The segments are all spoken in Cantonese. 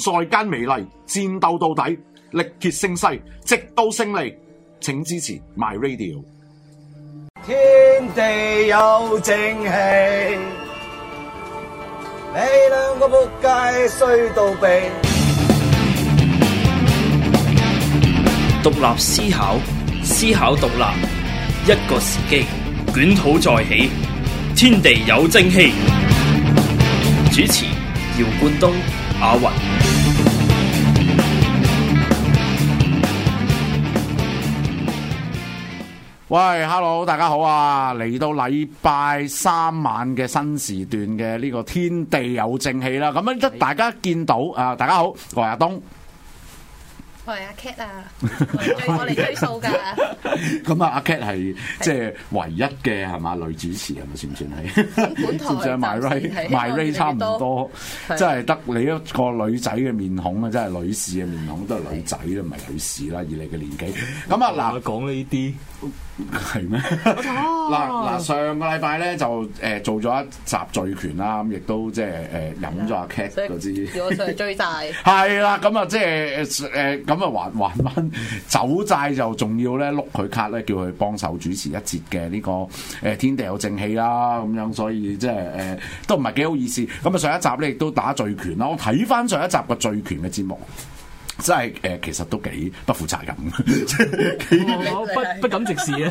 賽間美麗，戰鬥到底，力竭勝勢，直到勝利，請支持 My Radio。天地有正氣，你兩個仆街衰到痹。獨立思考，思考獨立，一個時機，捲土再起。天地有正氣。主持：姚冠東、阿云。喂，hello，大家好啊！嚟到禮拜三晚嘅新時段嘅呢、呢個天地有正氣啦。咁樣一大家見到啊，大家好，我係阿東，我係阿 Cat 啊，我最我嚟推數噶。咁啊，阿 Cat 係即係唯一嘅係嘛女主持，係咪算唔算係？咁 本台唔係。Ray 差唔多，much, 真係得你一個女仔嘅面孔啊！真係女士嘅面孔 都係女仔啦，唔係女士啦，以你嘅年紀。咁啊嗱，回講呢啲。 係咩？嗱嗱是， 上個禮拜咧就誒、呃、做咗一集醉拳啦，咁亦都即係誒飲咗阿 cat 嗰支，我哋知 追債。係 啦，咁啊即係誒咁啊還還翻酒債就仲要咧碌佢卡咧，叫佢幫手主持一節嘅呢、呢個誒、呃、天地有正氣啦咁樣，所以即係誒都唔係幾好意思。咁啊上一集咧你亦都打醉拳咯，我睇翻上一集個醉拳嘅節目。真係誒，其實都幾不負責任，啊，不敢直視啊、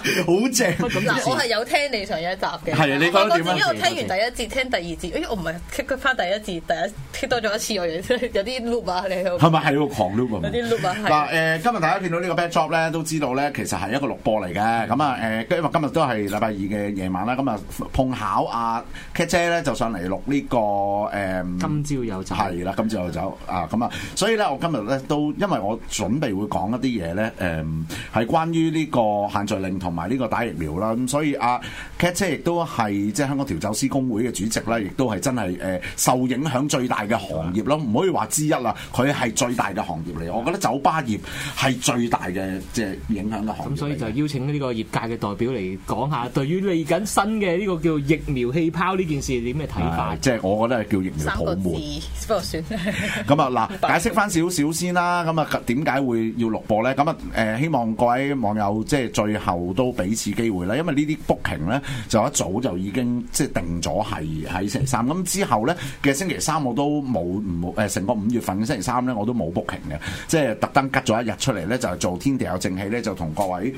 嗯！好正。我係有聽你上一集嘅。係啊，你嗰陣點啊？因為我聽完第一節，聽第二節，因、哎、我唔係 cut 翻第一節，第一 cut 多咗一次，我，次我有啲有啲 loop 啊！你係咪係個狂 loop 啊？嗱誒、啊是的 呃，今日大家見到呢個 backdrop 咧，都知道咧，其實係一個錄播嚟嘅。咁啊誒，因、呃、為今日都係禮拜二嘅夜晚啦，咁啊碰巧啊 K 姐咧就上嚟錄呢、這個誒、嗯就是。今朝有走。係啦，今朝有走啊！咁啊。啊啊啊啊啊 uh, 啊啊所以咧，我今日咧都，因為我準備會講一啲嘢咧，誒、嗯，係關於呢個限聚令同埋呢個打疫苗啦。咁、嗯、所以啊 Cat 亦都係即係香港調酒師工會嘅主席啦，亦都係真係誒、呃、受影響最大嘅行業咯。唔可以話之一啦，佢係最大嘅行業嚟。我覺得酒吧業係最大嘅即係影響嘅行業。咁、嗯、所以就邀請呢個業界嘅代表嚟講下，對於嚟緊新嘅呢個叫疫苗氣泡呢件事，你點嘅睇法？即係、就是、我覺得係叫疫苗泡沫。三個字不算咁啊嗱，解。 識翻少少先啦，咁啊點解會要錄播咧？咁啊誒，希望各位網友即係最後都俾次機會啦，因為呢啲 booking 咧就一早就已經即係定咗係喺星期三。咁之後咧嘅星期三我都冇唔冇成個五月份嘅星期三咧我都冇 booking 嘅，即係特登拮咗一日出嚟咧就係、做天地有正氣咧，就同各位誒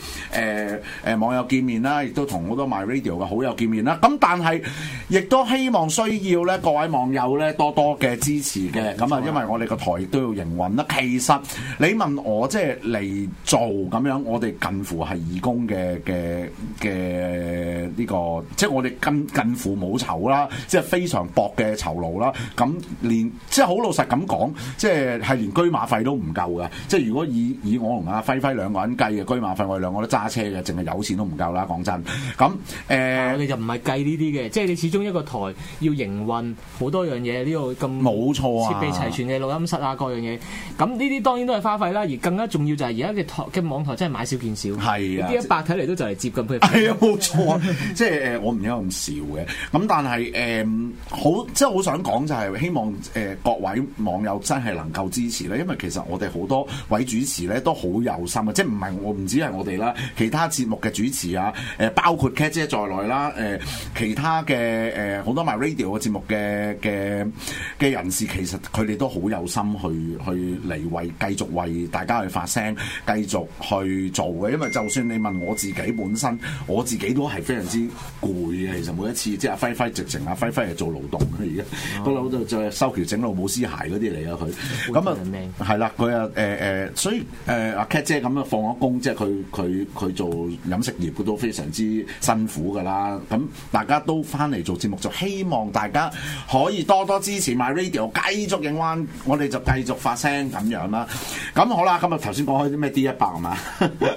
誒、呃、網友見面啦，亦都同好多 MyRadio 嘅好友見面啦。咁但係亦都希望需要咧各位網友咧多多嘅支持嘅。咁啊、嗯，因為我哋個台。都要營運啦。其實你問我即係嚟做咁樣，我哋近乎係義工嘅嘅嘅呢個即係我哋近近乎冇酬啦，即係非常薄嘅酬勞啦。咁連即係好老實咁講，即係係連車馬費都唔夠嘅。即係如果以以我同阿輝輝兩個人計嘅車馬費，我哋兩個都揸車嘅，淨係有錢都唔夠啦。講真，咁誒、呃、我哋就唔係計呢啲嘅，即係你始終一個台要營運好多樣嘢，呢個咁冇錯設備齊全嘅錄音室啊。個樣嘢，咁呢啲當然都係花費啦，而更加重要就係而家嘅台嘅網台真係買少見少，係啊，一百睇嚟都就嚟接近佢。係啊、哎呦，冇錯， 即係誒，我唔應該咁笑嘅。咁但係誒、嗯，好即係好想講就係希望誒、呃、各位網友真係能夠支持啦，因為其實我哋好多位主持咧都好有心嘅，即係唔係我唔止係我哋啦，其他節目嘅主持啊，誒包括 Cat 姐在內啦，誒、呃、其他嘅誒好多 MyRadio 嘅節目嘅嘅嘅人士，其實佢哋都好有心。去去嚟為繼續為大家去發聲，繼續去做嘅。因為就算你問我自己本身，我自己都係非常之攰嘅。其實每一次，即係阿輝輝直情，阿輝輝係做勞動嘅。而家不嬲就係修橋整路冇屍骸嗰啲嚟啊！佢咁啊，係啦會 那，佢啊，誒誒、呃，所以誒阿、呃、cat 姐咁樣放咗工，即係佢佢佢做飲食業，佢都非常之辛苦噶啦。咁大家都翻嚟做節目，就希望大家可以多多支持 my radio，繼續影灣，我哋就。繼續發聲咁樣啦，咁好啦，今日頭先講開啲咩 D 一百係嘛？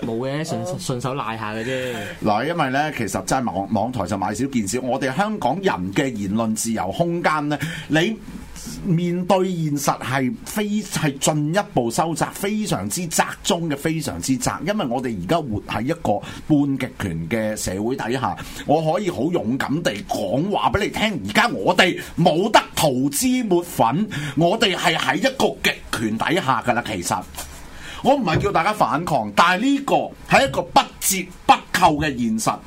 冇 嘅順順手賴下嘅啫。嗱， 因為咧，其實真係網網台就買少見少，我哋香港人嘅言論自由空間咧，你。面對現實係非係進一步收窄，非常之集中嘅非常之窄。因為我哋而家活喺一個半極權嘅社會底下，我可以好勇敢地講話俾你聽。而家我哋冇得塗脂抹粉，我哋係喺一個極權底下㗎喇。其實我唔係叫大家反抗，但係呢個係一個不折不扣嘅現實，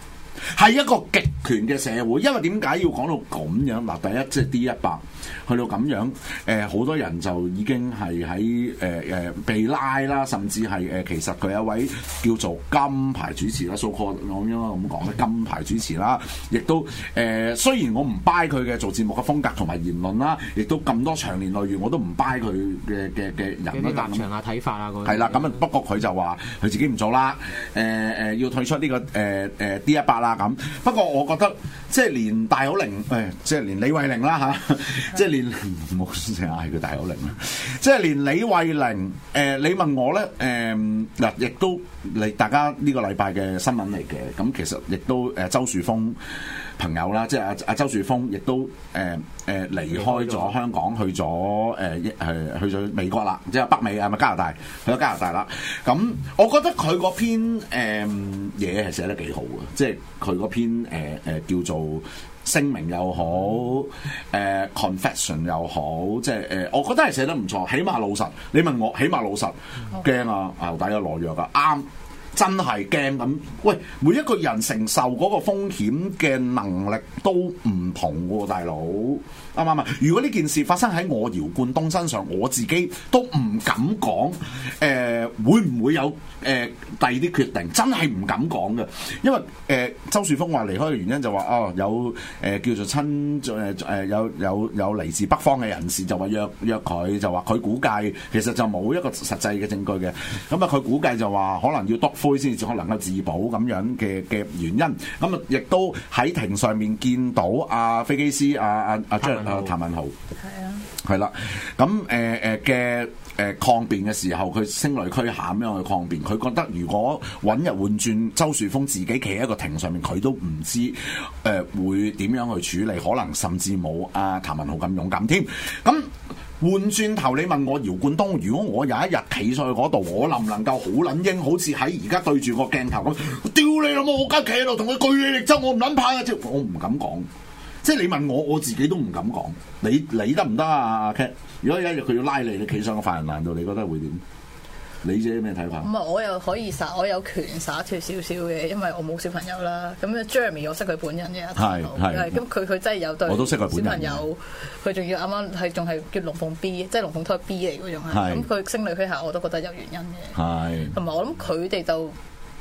係一個極權嘅社會。因為點解要講到咁樣？嗱，第一即係、就是、D 一百。 去到咁樣，誒好多人就已經係喺誒誒被拉啦，甚至係誒其實佢有一位叫做金牌主持啦，數個咁樣啦咁講嘅金牌主持啦，亦都誒雖然我唔 buy 佢嘅做節目嘅風格同埋言論啦，亦都咁多長年累月我都唔 buy 佢嘅嘅嘅人。啲立場下睇法啊，嗰啲係啦，咁啊不過佢就話佢自己唔做啦，誒誒要退出呢個誒誒 D 一百啦咁。不過我覺得即係連戴好玲，誒 discord Rouge，即係連李慧玲啦嚇。即係連冇成日嗌佢大口玲啦， 即係連李慧玲誒、呃，你問我咧誒嗱，亦、呃、都你大家呢個禮拜嘅新聞嚟嘅，咁其實亦都誒、呃、周樹峰朋友啦，即係阿阿周樹峰亦都誒誒、呃、離開咗香港去咗誒係去咗美國啦，即係北美啊，咪加拿大去咗加拿大啦。咁我覺得佢嗰篇誒嘢係寫得幾好嘅，即係佢嗰篇誒誒、呃、叫做。聲明又好，誒、呃、confession 又好，即係誒、呃，我覺得係寫得唔錯，起碼老實。你問我，起碼老實，驚啊，Okay. 牛仔嘅懦弱啊，啱。真係驚咁，喂！每一個人承受嗰個風險嘅能力都唔同，大佬啱唔啱？如果呢件事發生喺我姚冠東身上，我自己都唔敢講誒、呃、會唔會有誒第二啲決定？真係唔敢講嘅，因為誒、呃、周樹峰話離開嘅原因就話哦，有誒、呃、叫做親誒誒、呃呃、有有有嚟自北方嘅人士就話約約佢，就話佢估計其實就冇一個實際嘅證據嘅。咁啊，佢估計就話可能要篤。灰先至可能夠自保咁樣嘅嘅原因。咁啊，亦都喺庭上面見到阿、啊、飛機師啊啊啊張啊譚文豪，係啊，係啦，咁誒誒嘅誒抗辯嘅時候，佢聲淚俱下咁樣去抗辯，佢覺得如果揾日換轉周樹峰自己企喺一個庭上面，佢都唔知誒、呃、會點樣去處理，可能甚至冇阿、啊、譚文豪咁勇敢添，咁、嗯。嗯。換轉頭，你問我姚冠東，如果我有一日企上去嗰度，我能唔能夠好撚英，好似喺而家對住個鏡頭咁，屌你老母，我家企喺度同佢據理力爭，我唔撚怕啊！即我唔敢講，即係你問我，我自己都唔敢講。你你得唔得啊？阿 Cat，如果有一日佢要拉你，你企、啊、上個犯人欄度，你覺得會點？你姐有咩睇法？唔係，我又可以灑，我有權灑脫少少嘅，因為我冇小朋友啦。咁啊，Jeremy 我識佢本人嘅，係係是。咁佢佢真係有對小朋友，佢仲要啱啱係仲係叫龍鳳 B，即係龍鳳胎 B 嚟嗰種。咁佢聲淚俱下，我都覺得有原因嘅。同埋是我諗佢哋就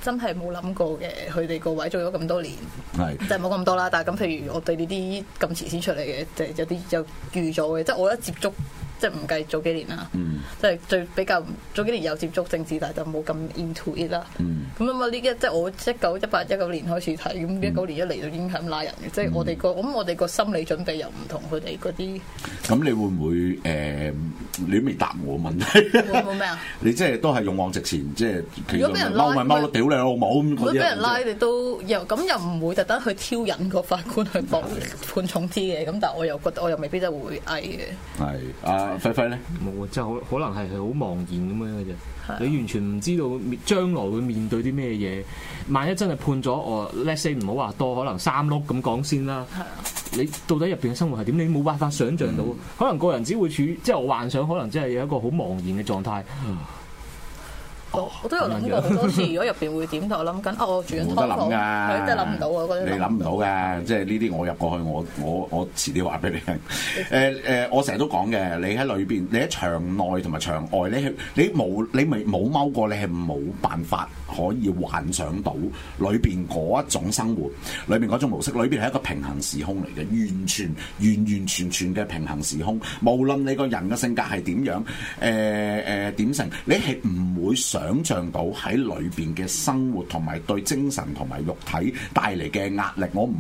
真係冇諗過嘅，佢哋個位做咗咁多年，係是就冇咁多啦。但係咁，譬如我對呢啲咁遲先出嚟嘅，就係、是、有啲有預咗嘅，即、就、係、是、我一接觸。即係唔計早幾年啦，即係最比較早幾年有接觸政治，但係就冇咁 into it 啦。咁啊嘛呢一即係我一九一八一九年開始睇，咁一九年一嚟到影響拉人嘅。即係我哋個咁我哋個心理準備又唔同佢哋嗰啲。咁你會唔會誒，你未答我問題？冇咩啊？你即係都係勇往直前，即係如果俾人拉咪拉到屌你老母，如果俾人拉你都又咁又唔會特登去挑釁個法官去判判重啲嘅。咁但我又覺得我又未必真係會嗌嘅。係啊。菲菲咧冇啊，即係可可能係好茫然咁樣嘅啫。你完全唔知道將來會面對啲咩嘢。萬一真係判咗我，Let's say 唔好話多，可能三碌咁講先啦。你到底入邊嘅生活係點？你冇辦法想像到。嗯、可能個人只會處，即係我幻想，可能真係有一個好茫然嘅狀態。Oh, 我都有諗過好多次， 如果入邊會點？ 但我諗緊，哦，轉冇得諗㗎，真係諗唔到啊！到 我覺你諗唔到㗎，即係呢啲我入過去，我我我遲啲話俾你聽。誒誒，我成日、 欸欸、都講嘅，你喺裏邊，你喺場內同埋場外，你係你冇你未冇踎過，你係冇辦法可以幻想到裏邊嗰一種生活，裏邊嗰種模式，裏邊係一個平衡時空嚟嘅，完全完完全全嘅平衡時空。無論你個人嘅性格係點樣，誒誒點成，你係唔會想想象到喺裏邊嘅生活同埋對精神同埋肉體帶嚟嘅壓力，我唔，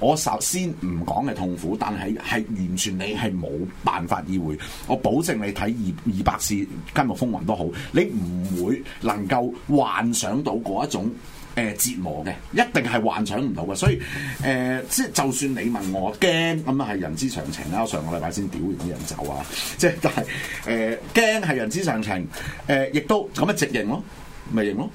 我首先唔講嘅痛苦，但係係完全你係冇辦法意會。我保證你睇二，二百次《監獄風雲》都好，你唔會能夠幻想到嗰一種。誒、呃、折磨嘅，一定係幻想唔到嘅，所以誒即係就算你問我驚，咁啊，係人之常情啦。我上個禮拜先屌完啲人就啊，即係但係誒驚係人之常情，誒、呃、亦都咁咪直認咯，咪認咯。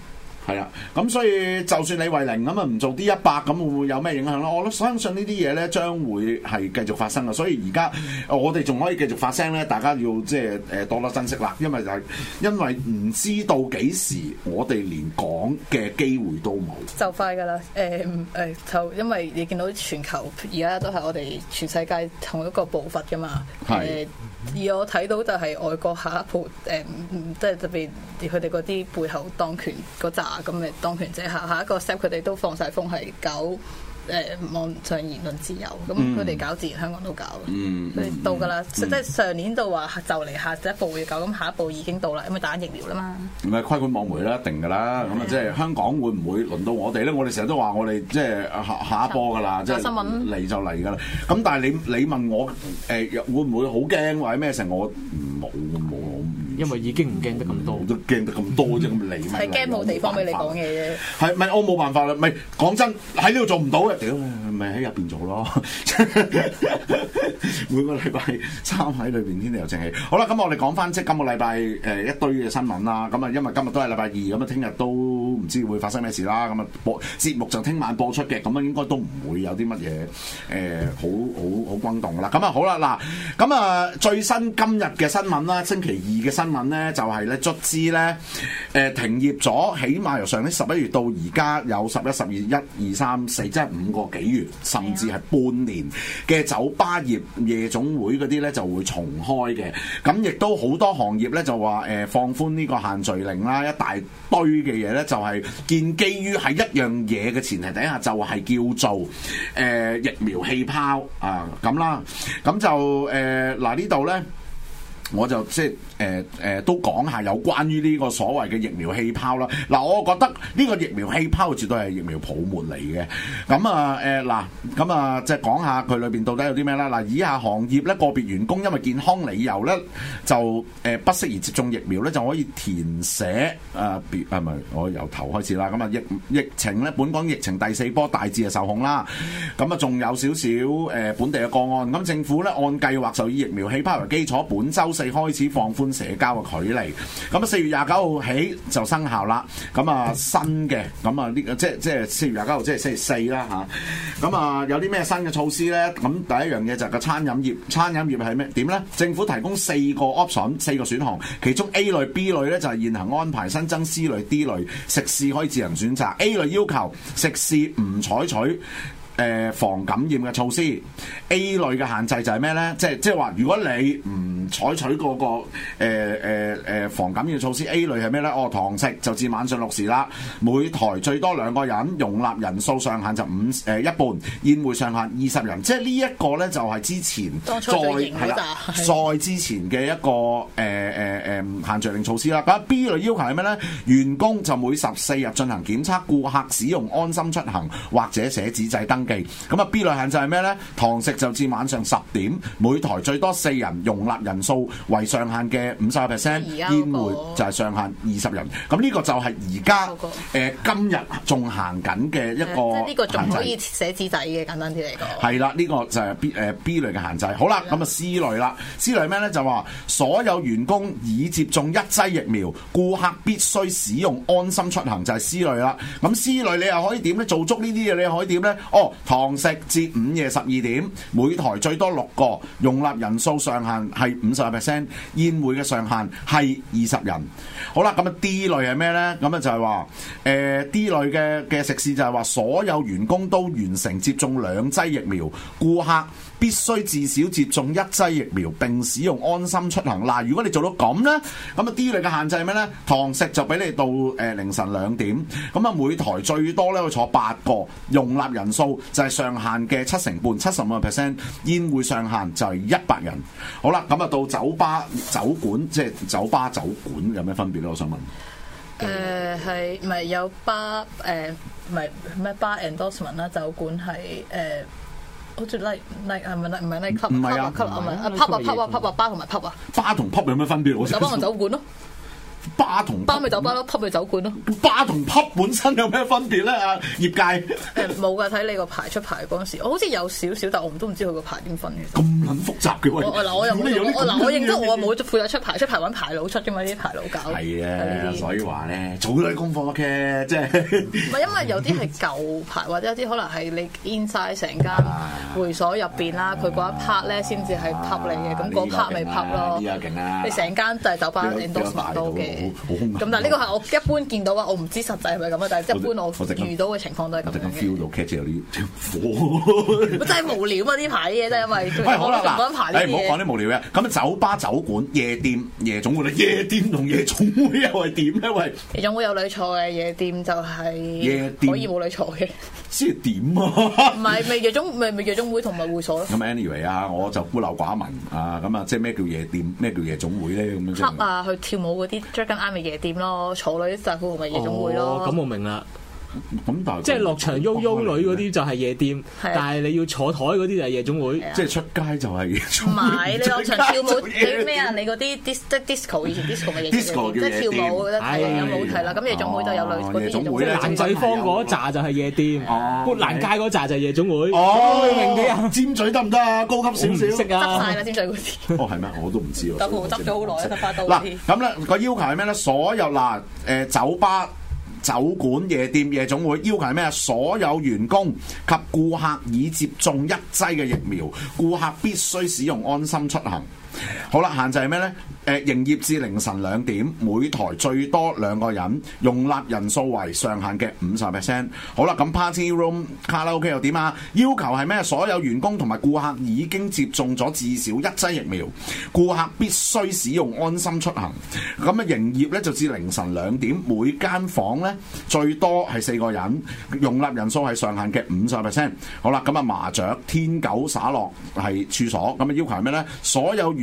係啊，咁所以就算李慧玲咁啊，唔做 D100 咁，會唔會有咩影響咧？我都相信呢啲嘢咧，將會係繼續發生嘅。所以而家我哋仲可以繼續發聲咧，大家要即係誒多多珍惜啦，因為就係、是、因為唔知道幾時我哋連講嘅機會都冇。就快㗎啦，誒、嗯、誒、嗯，就因為你見到全球而家都係我哋全世界同一個步伐㗎嘛。係的。而、嗯、我睇到就係外國下一步誒，即係特別佢哋嗰啲背後當權嗰集。咁你當權者下下一個 set 佢哋都放曬風，係搞誒網上言論自由。咁佢哋搞自然，香港都搞，佢到噶啦。即係上年就話就嚟下一步要搞，咁下一步已經到啦，因為打緊疫苗啦嘛。唔係規管網媒啦，一定噶啦。咁啊，即係香港會唔會輪到我哋咧？我哋成日都話我哋即係下下一波噶啦，即係新聞嚟就嚟噶啦。咁但係你你問我誒會唔會好驚或者咩事？我冇冇。因為已經唔驚得咁多，都驚得咁多啫，咁嚟咪係驚冇地方俾你講嘢啫。係咪我冇辦法啦？咪講真，喺呢度做唔到嘅，屌，咪喺入邊做咯。每個禮拜三喺裏邊天地友政氣。好啦，咁我哋講翻即係今個禮拜誒一堆嘅新聞啦。咁啊，因為今日都係禮拜二，咁啊，聽日都。都唔知會發生咩事啦，咁啊播節目就聽晚播出嘅，咁啊應該都唔會有啲乜嘢，誒好好好轟動好啦。咁啊好啦嗱，咁啊最新今日嘅新聞啦，星期二嘅新聞咧，就係咧卒之咧誒停業咗，起碼由上年十一月到而家有十一、十二、一、二、三、四，即係五個幾月，甚至係半年嘅酒吧業、夜總會嗰啲咧就會重開嘅。咁亦都好多行業咧就話誒、呃、放寬呢個限聚令啦，一大堆嘅嘢咧就。係建基於喺一樣嘢嘅前提底下，就係叫做誒、呃、疫苗氣泡啊咁啦，咁就誒嗱、呃、呢度咧，我就即係。誒誒都講下有關於呢個所謂嘅疫苗氣泡啦。嗱，我覺得呢個疫苗氣泡絕對係疫苗泡沫嚟嘅。咁啊誒嗱，咁啊即係講下佢裏邊到底有啲咩啦。嗱，以下行業咧個別員工因為健康理由咧就誒不適宜接種疫苗咧，就可以填寫啊，別啊唔係我由頭開始啦。咁啊疫疫情咧，本港疫情第四波大致係受控啦。咁啊仲有少少誒本地嘅個案。咁政府咧按計劃就以疫苗氣泡為基礎，本周四開始放社交嘅距離，咁啊四月廿九號起就生效啦。咁啊新嘅，咁啊呢即係即係四月廿九號即係星期四啦吓，咁啊有啲咩新嘅措施咧？咁第一樣嘢就係個餐飲業，餐飲業係咩點咧？政府提供四個 option，四個選項，其中 A 類、B 類咧就係、是、現行安排，新增 C 類、D 類食肆可以自行選擇。A 類要求食肆唔採取誒防感染嘅措施 A 類嘅限制就係咩咧？即係即係話如果你唔採取、嗰個誒誒誒防感染措施，A 類係咩咧？哦，堂食就至晚上六時啦，每台最多兩個人，容納人數上限就五誒、呃、一半，宴會上限二十人。即係呢一個咧，就係、是、之前再係啦，再之前嘅一個誒誒誒限聚令措施啦。咁 B 類要求係咩咧？員工就每十四日進行檢測，顧客使用安心出行或者寫紙製登。咁啊 B 類限制係咩咧？堂食就至晚上十點，每台最多四人容納人數為上限嘅五十個 percent，宴會就係上限二十人。咁呢個就係而家誒今日仲行緊嘅一個限制。呢、呃、個仲可以寫紙仔嘅，簡單啲嚟講。係啦，呢、這個就係 B 誒 B 類嘅限制。好啦，咁啊 C 類啦，C 類咩咧？就話所有員工已接種一劑疫苗，顧客必須使用安心出行就係 C 類啦。咁 C 類你又可以點咧？做足呢啲嘢，你又可以點咧？哦。堂食至午夜十二點，每台最多六個，容納人數上限係五十個 percent。宴會嘅上限係二十人。好啦，咁啊 D 類係咩呢？咁啊就係話，誒、呃、D 類嘅嘅食肆就係話，所有員工都完成接種兩劑疫苗，顧客必須至少接種一劑疫苗，並使用安心出行。嗱、呃，如果你做到咁呢，咁啊 D 類嘅限制係咩呢？堂食就俾你到誒、呃、凌晨兩點，咁啊每台最多咧會坐八個，容納人數。就係上限嘅七成半七十五個 percent 宴會上限就係一百人。好啦，咁啊到酒吧酒館，即係酒吧酒館有咩分別咧？我想問。誒係咪有巴唔係咩巴 endorsement 啦？End ment, 酒館係誒好似 like like 唔係唔係 like club 唔係啊 club 啊咪啊 pub 啊 pub 啊 pub 同埋 pub 啊。巴同、啊 pub, 啊 pub, 啊 pub, 啊、pub 有咩分別？我想酒吧同酒館咯。巴同巴咪酒吧咯，趴咪酒館咯。巴同趴本身有咩分別咧？啊，業界冇㗎，睇你個牌出牌嗰陣時，我好似有少少，但我唔都唔知佢個牌點分嘅。咁撚複雜嘅，我嗱我又我嗱我認得我冇負責出牌，出牌揾牌佬出嘅嘛，啲牌佬搞係啊，所以話咧，做啲功課嘅，即係唔係因為有啲係舊牌，或者有啲可能係你 in 曬成間會所入邊啦，佢嗰一 part 咧先至係趴你嘅，咁嗰 part 咪趴咯。你成間就係酒吧 endorse 咁、嗯、但係呢個係我一般見到啊，我唔知實際係咪係咁啊，但係一般我遇到嘅情況都係咁，我就咁 feel 到 Catchy 有啲火， 真係無聊啊！呢喂、嗯、排啲嘢真係，唔好講啲無聊嘅。咁酒吧、酒館、夜店、夜總會，夜店同夜總會又係點咧？喂，夜總會有女坐嘅，夜店就係可以冇女坐嘅。先係點啊？唔係咪夜總咪咪夜總會同埋會所？咁 Anyway 啊，我就孤陋寡聞啊，咁啊即係咩叫夜店、咩叫夜總會咧？咁樣黑啊去跳舞嗰啲。咁啱嘅夜店咯，坐女制服咪夜總會咯。哦，咁我明啦。咁即係落場慵慵女嗰啲就係夜店，但係你要坐台嗰啲就係夜總會，即係出街就係唔係？你落場跳舞睇咩啊？你嗰啲 dis 即係 disco 以前 disco 嘅夜，即係跳舞嗰啲，有冇睇啦？咁夜總會就有女嗰啲，即係蘭桂坊嗰扎就係夜店，砵蘭街嗰扎就係夜總會。哦，你明幾啊？尖嘴得唔得啊？高級少少。唔識啊！執晒啦，尖嘴嗰啲。哦，係咩？我都唔知咯。執我執咗好耐啊，發到。咁咧個要求係咩咧？所有嗱，誒，酒吧。酒館、夜店、夜總會要求咩？所有員工及顧客已接種一劑嘅疫苗，顧客必須使用安心出行。好啦，限制係咩呢？誒、呃，營業至凌晨兩點，每台最多兩個人，容納人數為上限嘅五十 percent。好啦，咁 party room、卡拉 OK 又點啊？要求係咩？所有員工同埋顧客已經接種咗至少一劑疫苗，顧客必須使用安心出行。咁啊，營業咧就至凌晨兩點，每間房咧最多係四個人，容納人數係上限嘅五十 percent。好啦，咁啊麻雀、天九、耍樂係處所，咁啊要求係咩呢？所有員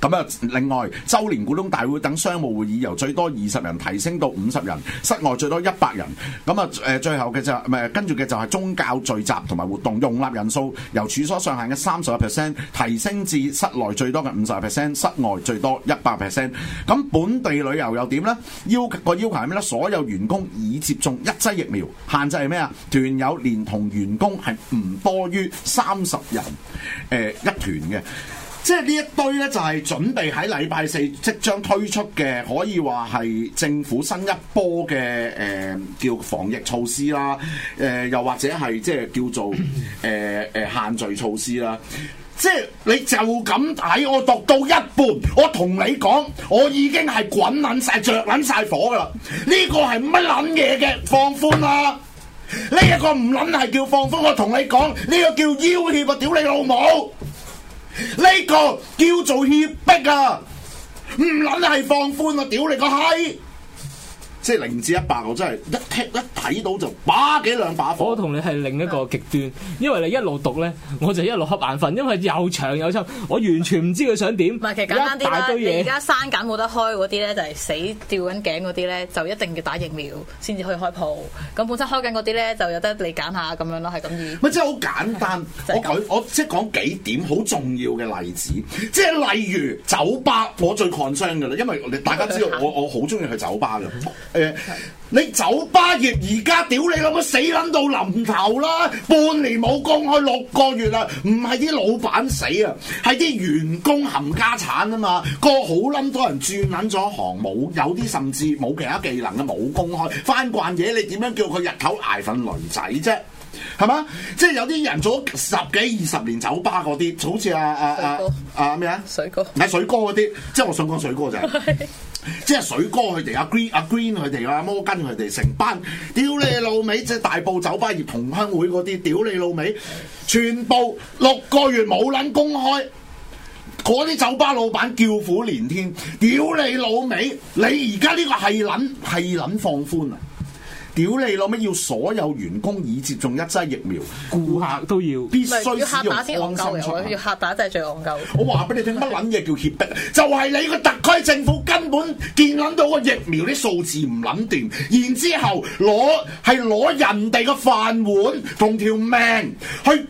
咁啊！另外，周年股東大會等商務會議由最多二十人提升到五十人，室外最多一百人。咁啊，誒，最後嘅就唔係跟住嘅就係宗教聚集同埋活動，容納人數由處所上限嘅三十個 percent 提升至室內最多嘅五十個 percent，室外最多一百 percent。咁本地旅遊又點呢？要個要求係咩呢？所有員工已接種一劑疫苗，限制係咩啊？團友連同員工係唔多於三十人誒、呃、一團嘅。即係呢一堆呢，就係準備喺禮拜四即將推出嘅，可以話係政府新一波嘅，誒，叫防疫措施啦。誒，又或者係即係叫做誒誒限聚措施啦。即係你就咁睇，我讀到一半，我同你講，我已經係滾捻晒、着捻晒火㗎啦。呢個係乜捻嘢嘅？放寬啦，呢一個唔捻係叫放寬，我同你講，呢個叫妖氣，我屌你老母！呢個叫做脅迫啊！唔撚你係放寬啊！屌你個閪！即係零至一百，我真係一聽一睇到就把幾兩把火。我同你係另一個極端，因為你一路讀咧，我就一路瞌眼瞓，因為又長又臭。我完全唔知佢想點。唔係， 其實簡單啲啦，大堆你而家生揀冇得開嗰啲咧，就係、是、死吊緊頸嗰啲咧，就一定要打疫苗先至可以開鋪。咁本身開緊嗰啲咧，就有得你揀下咁樣咯，係咁意。咪即係好簡單， 我講我即係講幾點好重要嘅例子，即係例如酒吧，我最 concern 嘅啦，因為大家知道我 我好中意去酒吧嘅。 你酒吧業而家屌你老母死捻到臨頭啦！半年冇工開六個月啦，唔係啲老闆死啊，係啲員工冚家產啊嘛，個好捻多人轉捻咗行，冇有啲甚至冇其他技能嘅冇工開，返慣嘢，你點樣叫佢日頭捱份輪仔啫？係嘛？即係有啲人做咗十幾二十年酒吧嗰啲，做好似阿阿阿阿咩啊，啊，啊，啊，啊，啊，啊，啊？水哥啊水哥嗰啲，即係我想講水哥就係。 即係水哥佢哋阿 Green 阿 Green 佢哋阿摩根佢哋成班，屌 你老味，即係大埔酒吧業同鄉會嗰啲，屌你老味，全部六個月冇撚公開，嗰啲酒吧老闆叫苦連天，屌你老味，你而家呢個係撚係撚放寬啊！屌你攞咩要所有員工已接種一劑疫苗，顧客都要必須接種安心出行。要客打即係最戇鳩。我話俾 你聽，乜撚嘢叫脅迫？ 就係你個特區政府根本見撚到個疫苗啲數字唔撚掂，然之後攞係攞人哋嘅飯碗同條命去。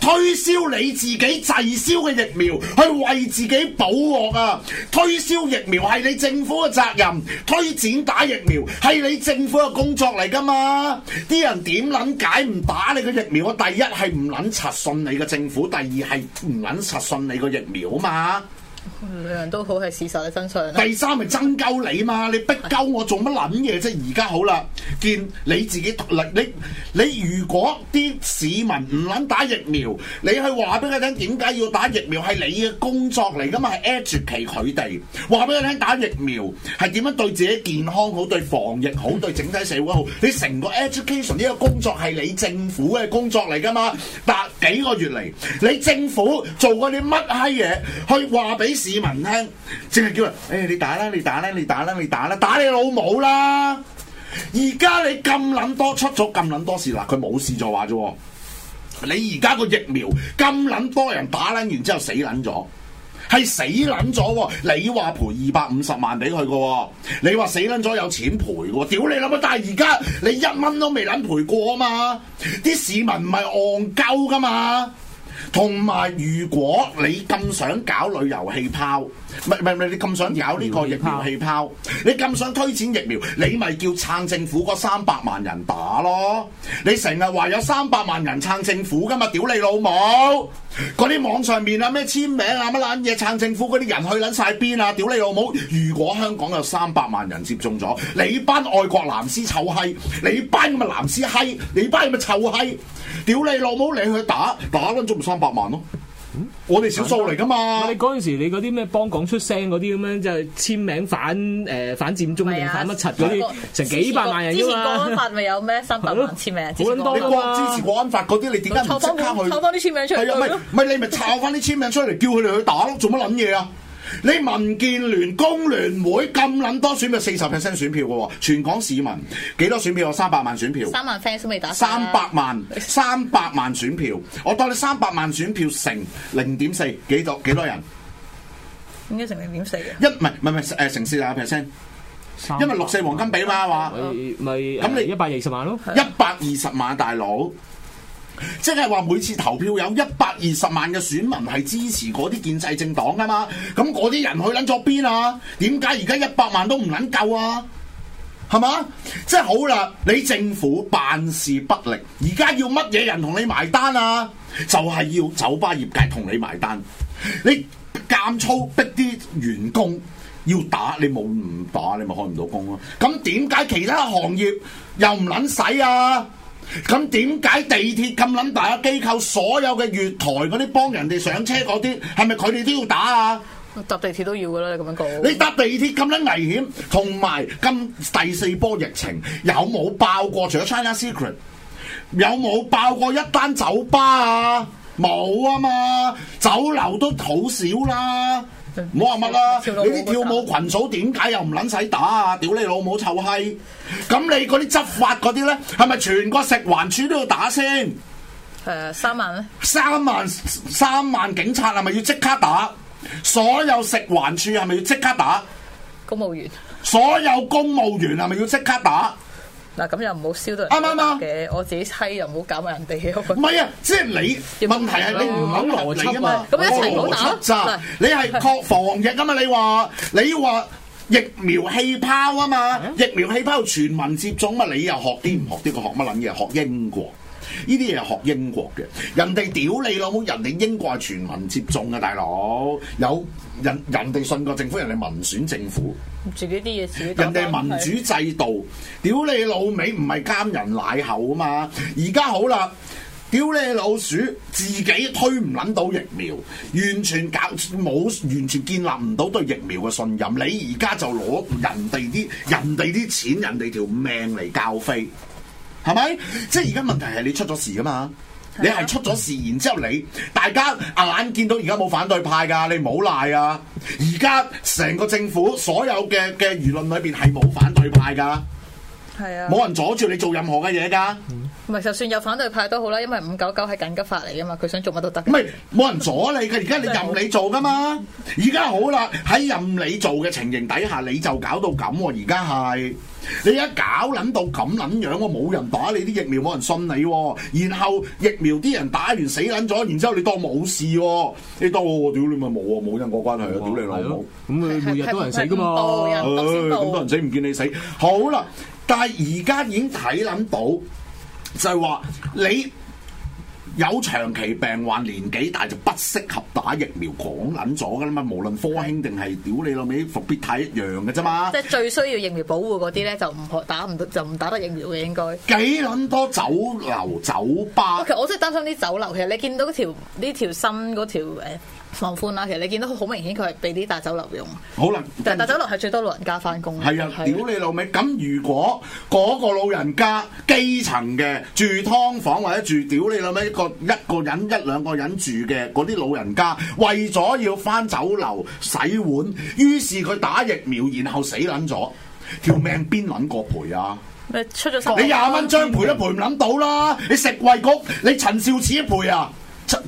推銷你自己滯銷嘅疫苗去為自己保鑊啊！推銷疫苗係你政府嘅責任，推展打疫苗係你政府嘅工作嚟㗎嘛！啲人點諗解唔打你個疫苗？第一係唔諗實信你個政府，第二係唔諗實信你個疫苗啊嘛！兩樣都好係事實嘅真相。第三係爭鳩你嘛？你逼鳩我做乜撚嘢啫？而家好啦，見你自己獨立。你你如果啲市民唔撚打疫苗，你去話俾佢聽點解要打疫苗係你嘅工作嚟噶嘛？係 educate 佢哋，話俾佢聽打疫苗係點樣對自己健康好、對防疫好、對整體社會好。你成個 education 呢個工作係你政府嘅工作嚟噶嘛？但幾個月嚟，你政府做過啲乜閪嘢去話俾？啲市民聽，淨係叫人，誒、哎，你打啦，你打啦，你打啦，你打啦，打你老母啦！而家你咁捻多出咗咁捻多事，嗱、啊，佢冇事就話啫。你而家個疫苗咁捻多人打撚完之後死捻咗，係死捻咗、啊。你話賠二百五十萬俾佢噶，你話死捻咗有錢賠噶、啊，屌你諗啊！但係而家你一蚊都未捻賠過啊嘛，啲市民唔係戇鳩噶嘛。同埋，如果你咁想搞旅遊氣泡，唔係唔係，你咁想搞呢個疫苗氣泡，你咁想推薦疫苗，你咪叫撐政府三百萬人打咯。你成日話有三百萬人撐政府噶嘛？屌你老母！啲網上面啊咩簽名啊乜撚嘢撐政府啲人去撚晒邊啊？屌你老母！如果香港有三百萬人接種咗，你班外國男屍臭閪，你班咁嘅男屍閪，你班咁嘅臭閪，屌你老母！你去打打撚咗唔心。百萬咯，嗯、我哋少數嚟噶嘛？你嗰陣時你嗰啲咩幫港出聲嗰啲咁樣，即、就、係、是、簽名反誒、呃、反佔中、啊、反乜柒嗰啲，成 幾百萬人啫嘛？之前國安法咪有咩三百萬簽名，好多啦嘛？你支持國安法嗰啲， 你點解唔參加去？抄翻啲簽名出嚟，係啊， 唔係你咪抄翻啲簽名出嚟，叫佢哋去打咯，做乜撚嘢啊？你民建聯工聯會咁撚多選票，四十 percent 選票嘅喎，全港市民幾多選票啊？三百萬選票。三萬 fans 未打。三百萬，三百萬選票，我當你三百萬選票乘零點四，幾多幾多人？點解乘零點四啊。一唔係唔係唔係誒，乘四廿 percent，因為六四黃金比啦，嘛，話咪咁你一百二十萬咯，一百二十萬大佬。即係話每次投票有一百二十萬嘅選民係支持嗰啲建制政黨噶嘛，咁嗰啲人去捻咗邊啊？點解而家一百萬都唔捻夠啊？係嘛？即係好啦，你政府辦事不力，而家要乜嘢人同你埋單啊？就係要酒吧業界同你埋單。你監操逼啲員工要打，你冇唔打，你咪開唔到工咯。咁點解其他行業又唔捻使啊？咁點解地鐵咁撚大啊？機構所有嘅月台嗰啲幫人哋上車嗰啲，係咪佢哋都要打啊？搭地鐵都要㗎啦，你咁樣講。你搭地鐵咁撚危險，同埋咁第四波疫情有冇爆過，除咗 China Secret，有冇爆過一單酒吧啊？冇啊嘛，酒樓都好少啦。冇話乜、啊、啦？你啲跳舞群組點解又唔撚使打啊？屌你老母臭閪！咁你嗰啲執法嗰啲咧，係咪全個食環處都要打先？誒、呃，三萬咧？三萬三萬警察係咪要即刻打？所有食環處係咪要即刻打？公務員？所有公務員係咪要即刻打？嗱，咁又唔好燒到人嘅，嗎我自己砌又唔好搞埋人哋。唔係啊，即係你、啊、問題係你唔肯落地啊嘛，唔好打。挪挪的你係確防疫噶嘛？你話你話疫苗氣泡啊嘛，的疫苗氣泡全民接種嘛，你又學啲唔學啲？佢學乜撚嘢？學英國。呢啲嘢學英國嘅，人哋屌你老母，人哋英國係全民接種嘅大佬，有人人哋信個政府，人哋民選政府，自己啲嘢人哋民主制度，屌你老味唔係監人奶口啊嘛！而家好啦，屌你老鼠，自己推唔捻到疫苗，完全搞冇，完全建立唔到對疫苗嘅信任。你而家就攞人哋啲人哋啲錢，人哋條命嚟交費。係咪？即係而家問題係你出咗事噶嘛？啊、你係出咗事，然之後你大家眼見到而家冇反對派噶，你唔好賴啊！而家成個政府所有嘅、嘅輿論裏邊係冇反對派噶，係啊，冇人阻住你做任何嘅嘢噶。嗯唔係，就算有反對派都好啦，因為五九九係緊急法嚟噶嘛，佢想做乜都得。唔係冇人阻你嘅，而家你任你做噶嘛。而家好啦，喺任你做嘅情形底下，你就搞到咁喎。而家係你一搞撚到咁撚樣喎，冇人打你啲疫苗，冇人信你。然後疫苗啲人打完死撚咗，然之後你當冇事喎，你當我屌你咪冇啊，冇因果關係啊，屌你老母！咁佢每日都人死噶嘛，咁多人死唔見你死。好啦，但係而家已經睇撚到。就係話你有長期病患、年紀大就不適合打疫苗，講撚咗㗎喇嘛！無論科興定係屌你老味復必泰一樣㗎啫嘛。的即係最需要疫苗保護嗰啲咧，就唔可打唔就唔打得疫苗嘅應該。幾撚多酒樓酒吧？其實，okay, 我真係擔心啲酒樓。其實你見到條呢條新嗰條、呃放寬啦，其實你見到好明顯，佢係俾啲大酒樓用。好啦、嗯，但係大酒樓係最多老人家翻工。係啊，屌、就是、你老味。咁如果嗰個老人家，基層嘅住劏房或者住屌你老味一個一個人一兩個人住嘅嗰啲老人家，為咗要翻酒樓洗碗，於是佢打疫苗，然後死撚咗，條命邊撚個賠啊？你出咗，你廿蚊張賠都賠唔撚到啦！你食衞局，你陳肇始賠，賠啊？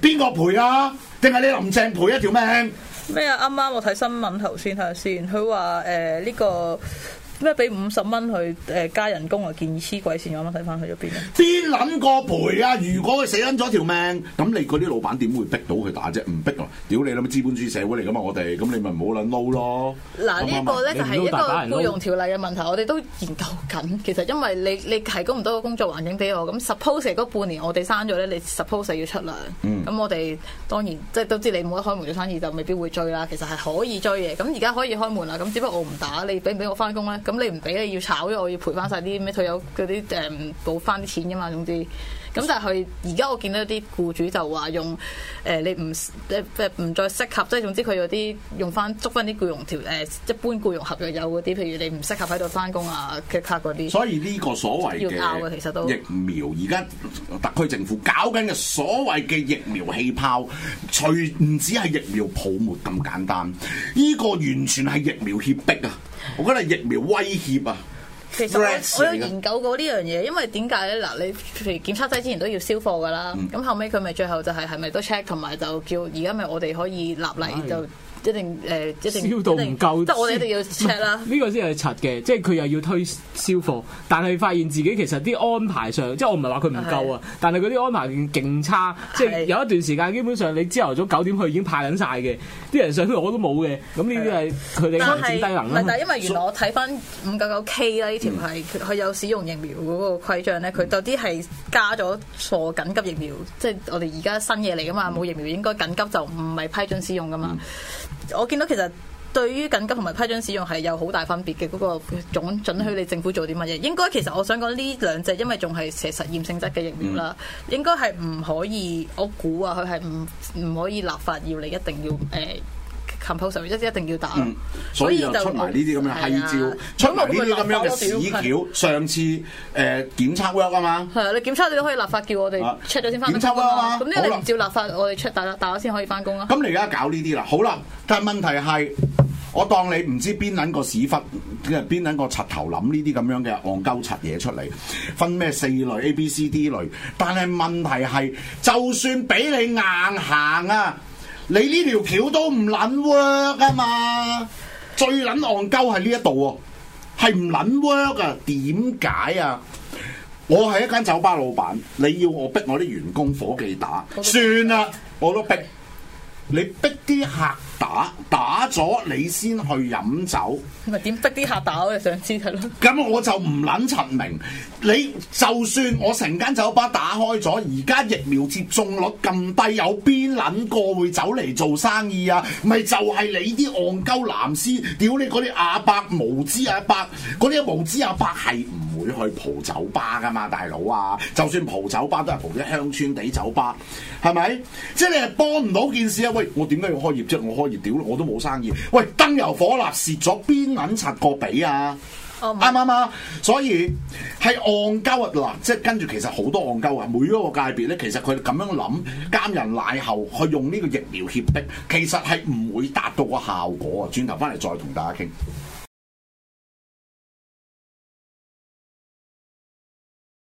邊個賠啊？定係你林鄭賠一條命？咩啊？啱啱我睇新聞頭先睇下先，佢話誒呢個。咩俾五十蚊去誒加人工啊？建議黐鬼線，咁樣睇翻去咗邊？先諗過賠啊？如果佢死撚咗條命，咁你嗰啲老闆點會逼到佢打啫？唔逼啊！屌你啦！資本主義社會嚟噶嘛？我哋咁你咪唔好撚撈咯。嗱，呢、呢個咧就係一個僱傭條例嘅問題，我哋都研究緊。其實因為你你提供唔到個工作環境俾我，咁 suppose 成個半年我哋生咗咧，你 suppose 要出糧。咁、嗯、我哋當然即係都知你冇得開門做生意，就未必會追啦。其實係可以追嘅。咁而家可以開門啦。咁只不過我唔打你我，俾唔俾我翻工咧？咁、嗯、你唔俾你要炒，因為我要賠翻晒啲咩退休嗰啲誒，補翻啲錢㗎嘛，總之。咁但係而家我見到啲僱主就話用誒、呃、你唔即即唔再適合，即係總之佢有啲用翻捉翻啲僱用條誒、呃、一般僱用合約有嗰啲，譬如你唔適合喺度翻工啊嘅卡嗰啲。所以呢個所謂嘅疫苗，其實都，而家特區政府搞緊嘅所謂嘅疫苗氣泡，除唔止係疫苗泡沫咁簡單，呢、呢個完全係疫苗脅迫啊！我覺得係疫苗威脅啊！其實我，R ats, 我有研究過呢樣嘢，因為點解咧？嗱，你譬如檢測劑之前都要消貨噶啦，咁、嗯、後尾佢咪最後就係係咪都 check，同埋就叫而家咪我哋可以立例就。一定誒，一定一定唔夠，即係我哋一定要 check 燒啦。呢個先係柒嘅，即係佢又要推銷貨，但係發現自己其實啲安排上，即係我唔係話佢唔夠啊，是的 但係佢啲安排勁差，即係有一段時間基本上你朝頭早九點去已經派緊晒嘅，啲人上去我都冇嘅。咁呢啲係佢哋開始低能啦。但係、啊、因為原來我睇翻五九九 K 啦，呢條係佢有使用疫苗嗰個規章咧，佢到啲係加咗錯緊急疫苗，即係我哋而家新嘢嚟噶嘛，冇疫苗應該緊急就唔係批准使用噶嘛。嗯嗯。我見到其實對於緊急同埋批准使用係有好大分別嘅。嗰、那個總准許你政府做啲乜嘢？應該其實我想講呢兩隻，因為仲係係實驗性質嘅疫苗啦，應該係唔可以，我估啊，佢係唔唔可以立法要你一定要誒。呃琴 ompel 一定要打，嗯、所以就，就出埋呢啲咁嘅閪照，啊、出埋呢啲咁樣嘅屎橋。啊、上次誒、呃、檢測 work 啊嘛，係、啊、你檢測你都可以立法叫我哋 check 咗先翻。檢測啊嘛，咁呢你唔照立法，啦我哋 check 大啦，大咗先可以翻工啦。咁你而家搞呢啲啦，好啦，但係問題係，我當你唔知邊撚個屎忽，邊撚個柒頭諗呢啲咁樣嘅戇鳩柒嘢出嚟，分咩四類 A、B、C、D 類，但係問題係，就算俾你硬行啊！你呢條橋都唔捻 work 㗎嘛，最捻戇鳩喺呢一度喎，係唔捻 work 㗎？點解啊？我係一間酒吧老闆，你要我逼我啲員工伙計打，算啦，我都逼。 你逼啲客打，打咗你先去飲酒，咪點逼啲客打啊？我就想知係咯。咁 我就唔撚陳明，你就算我成間酒吧打開咗，而家疫苗接種率咁低，有邊撚個會走嚟做生意啊？咪就係你啲戇鳩男司，屌你嗰啲阿伯無知阿伯，嗰啲無知阿伯係唔～會去蒲酒吧噶嘛，大佬啊！就算蒲酒吧都係蒲啲鄉村地酒吧，係咪？即係你係幫唔到件事啊！喂，我點解要開業？即係我開業屌，我都冇生意。喂，燈油火蠟蝕咗邊撚擦個髀啊！啱啱啊？嗯嗯、所以係戇鳩啊！嗱，即係跟住，其實好多戇鳩啊！每一個界別咧，其實佢哋咁樣諗，監人賴後，去用呢個疫苗脅迫，其實係唔會達到個效果啊！轉頭翻嚟再同大家傾。